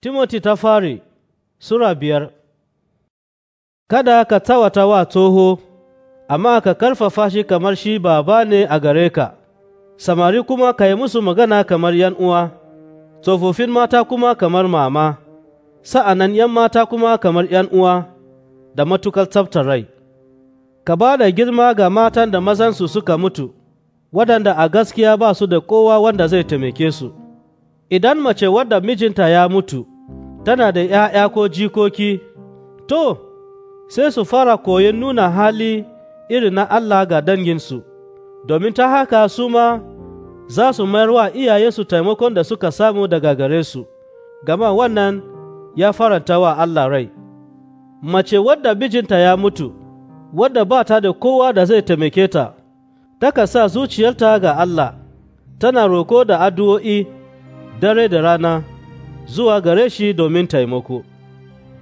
Timoti ta fari Sura biyar Kada ka tawata wa tsoho, amma ka karfafa shi kamar shi baba ne a gare ka, samari kuma ka yi musu magana kamar yan uwa, tsofaffin mata kuma kamar mama, sa'anan yan mata kuma kamar yan uwa da matukar tsabtar rai. Ka ba da girma ga matan da mazansu suka mutu, waɗanda a gaskiya ba su da kowa wanda zai taimake su. idan mace wadda mijinta ya mutu tana da ‘ya'ya ko jikoki, to, sai su fara koyon nuna hali iri na Allah ga danginsu, domin ta haka su ma za su mayar wa su taimakon da suka samu daga gare su, gama wannan ya faranta wa Allah rai. Mace wadda mijinta ya mutu, wadda ba ta da kowa da zai taimake ta, taka sa zuciyarta ga Allah, tana roko da addu'o'i. dare da rana zuwa gare shi domin taimako.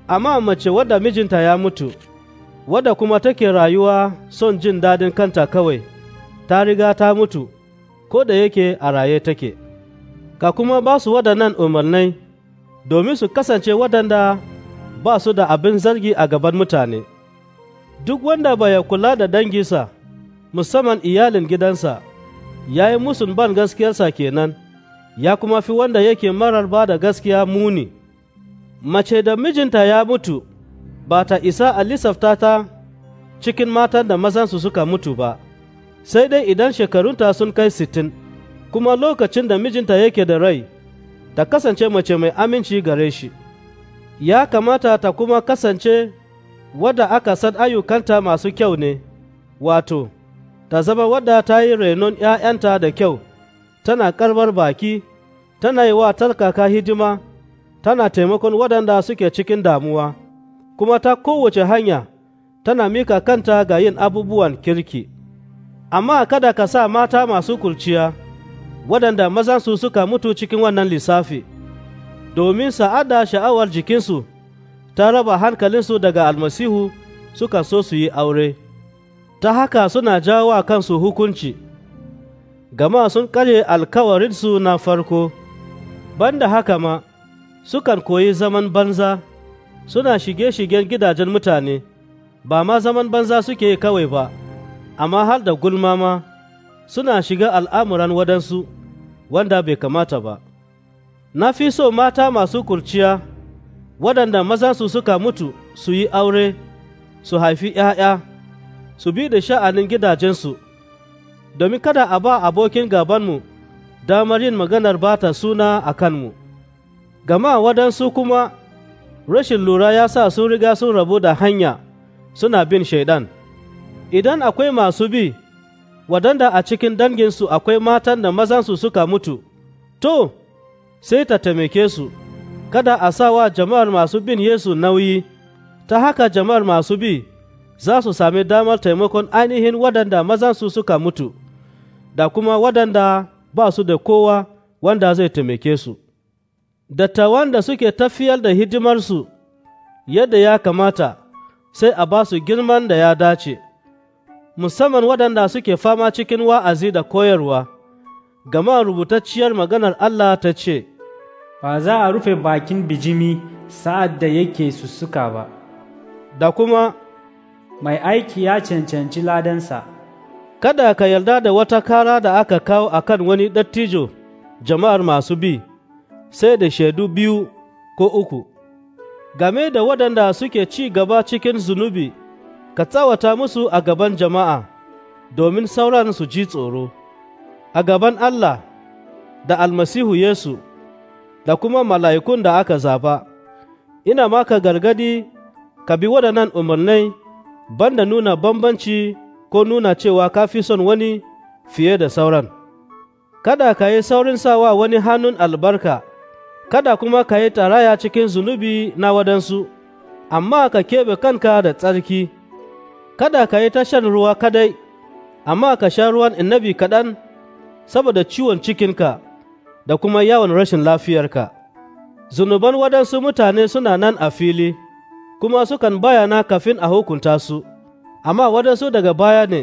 Amma mace wadda mijinta ya mutu, wadda kuma take rayuwa son jin daɗin kanta kawai, ta riga ta mutu, ko da yake a raye take. Ka kuma ba su waɗannan umarnai domin su kasance waɗanda ba su da abin zargi a gaban mutane. Duk wanda baya kula da danginsa, musamman iyalin gidansa, ya yi musun ban gaskiyarsa kenan. ya kuma fi wanda yake marar ba da gaskiya muni, mace da mijinta ya mutu ba ta isa a lissafta ta cikin matan da mazansu suka mutu ba, sai dai idan shekarunta sun kai sittin, kuma lokacin da mijinta yake da rai, ta kasance mace mai aminci gare shi, ya kamata ta kuma kasance wadda aka san ayyukanta masu kyau ne, wato, ta zama wadda ta yi renon ‘ya'yanta da kyau. tana karbar baki, tana yi wa talkaka hidima, tana taimakon waɗanda suke cikin damuwa, kuma ta kowace hanya tana mika kanta ga yin abubuwan kirki. Amma kada ka sa mata masu kurciya, waɗanda mazansu suka mutu cikin wannan lissafi, domin sa'ada sha'awar jikinsu ta raba hankalinsu daga almasihu suka so su yi aure, ta haka suna jawo kansu hukunci. gama sun kare alkawarinsu na farko, banda haka ma sukan koyi zaman banza suna shige-shigen gidajen mutane, ba ma zaman banza suke kawai ba, amma har da gulma ma suna shiga al'amuran wadansu wanda bai kamata ba. Na fi so mata masu kurciya waɗanda su suka mutu su yi aure, su haifi ‘ya'ya, su bi da sha'anin gidajensu. domin kada a ba abokin gabanmu damar yin maganar bata suna a kanmu, gama waɗansu kuma rashin lura ya sa sun riga sun rabu da hanya suna bin shaidan. Idan akwai masu bi, waɗanda a cikin danginsu akwai matan da mazansu suka mutu, to, sai ta taimake su, kada a sa wa jama'ar masu bin Yesu nauyi, ta haka jama'ar masu bi za su sami damar taimakon ainihin waɗanda mazansu suka mutu. da kuma waɗanda ba su da kowa wanda zai taimake su, dattawan da suke tafiyar da hidimarsu yadda ya kamata sai a ba su girman da ya dace, musamman waɗanda suke fama cikin wa'azi da koyarwa, gama rubutacciyar maganar Allah ta ce, Ba za a rufe bakin bijimi sa'ad da yake sussuka ba, da kuma mai aiki ya cancanci ladansa. kada ka yarda da wata kara da aka kawo a kan wani dattijo jama'ar masu bi sai da shaidu biyu ko uku game da waɗanda suke ci gaba cikin zunubi ka tsawata musu a gaban jama'a domin sauran su ji tsoro a gaban Allah da almasihu Yesu da kuma mala'ikun da aka zaba ina maka gargadi ka bi waɗannan umarnai banda nuna bambanci ko nuna cewa ka fi son wani fiye da sauran. Kada ka yi saurin sawa wani hannun albarka, kada kuma ka yi taraya cikin zunubi na wadansu, amma ka keɓe kanka da tsarki. Kada ka yi tashar ruwa kadai, amma ka sha ruwan inabi kaɗan saboda ciwon cikinka da kuma yawan rashin lafiyarka. Zunuban waɗansu mutane suna nan a fili, kuma sukan bayana kafin a hukunta su. amma waɗansu daga baya ne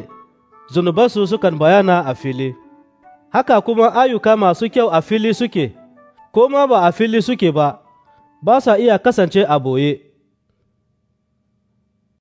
zunubansu sukan bayana a fili, haka kuma ayyuka masu kyau a fili suke, ko ma ba a fili suke ba, ba sa iya kasance a boye.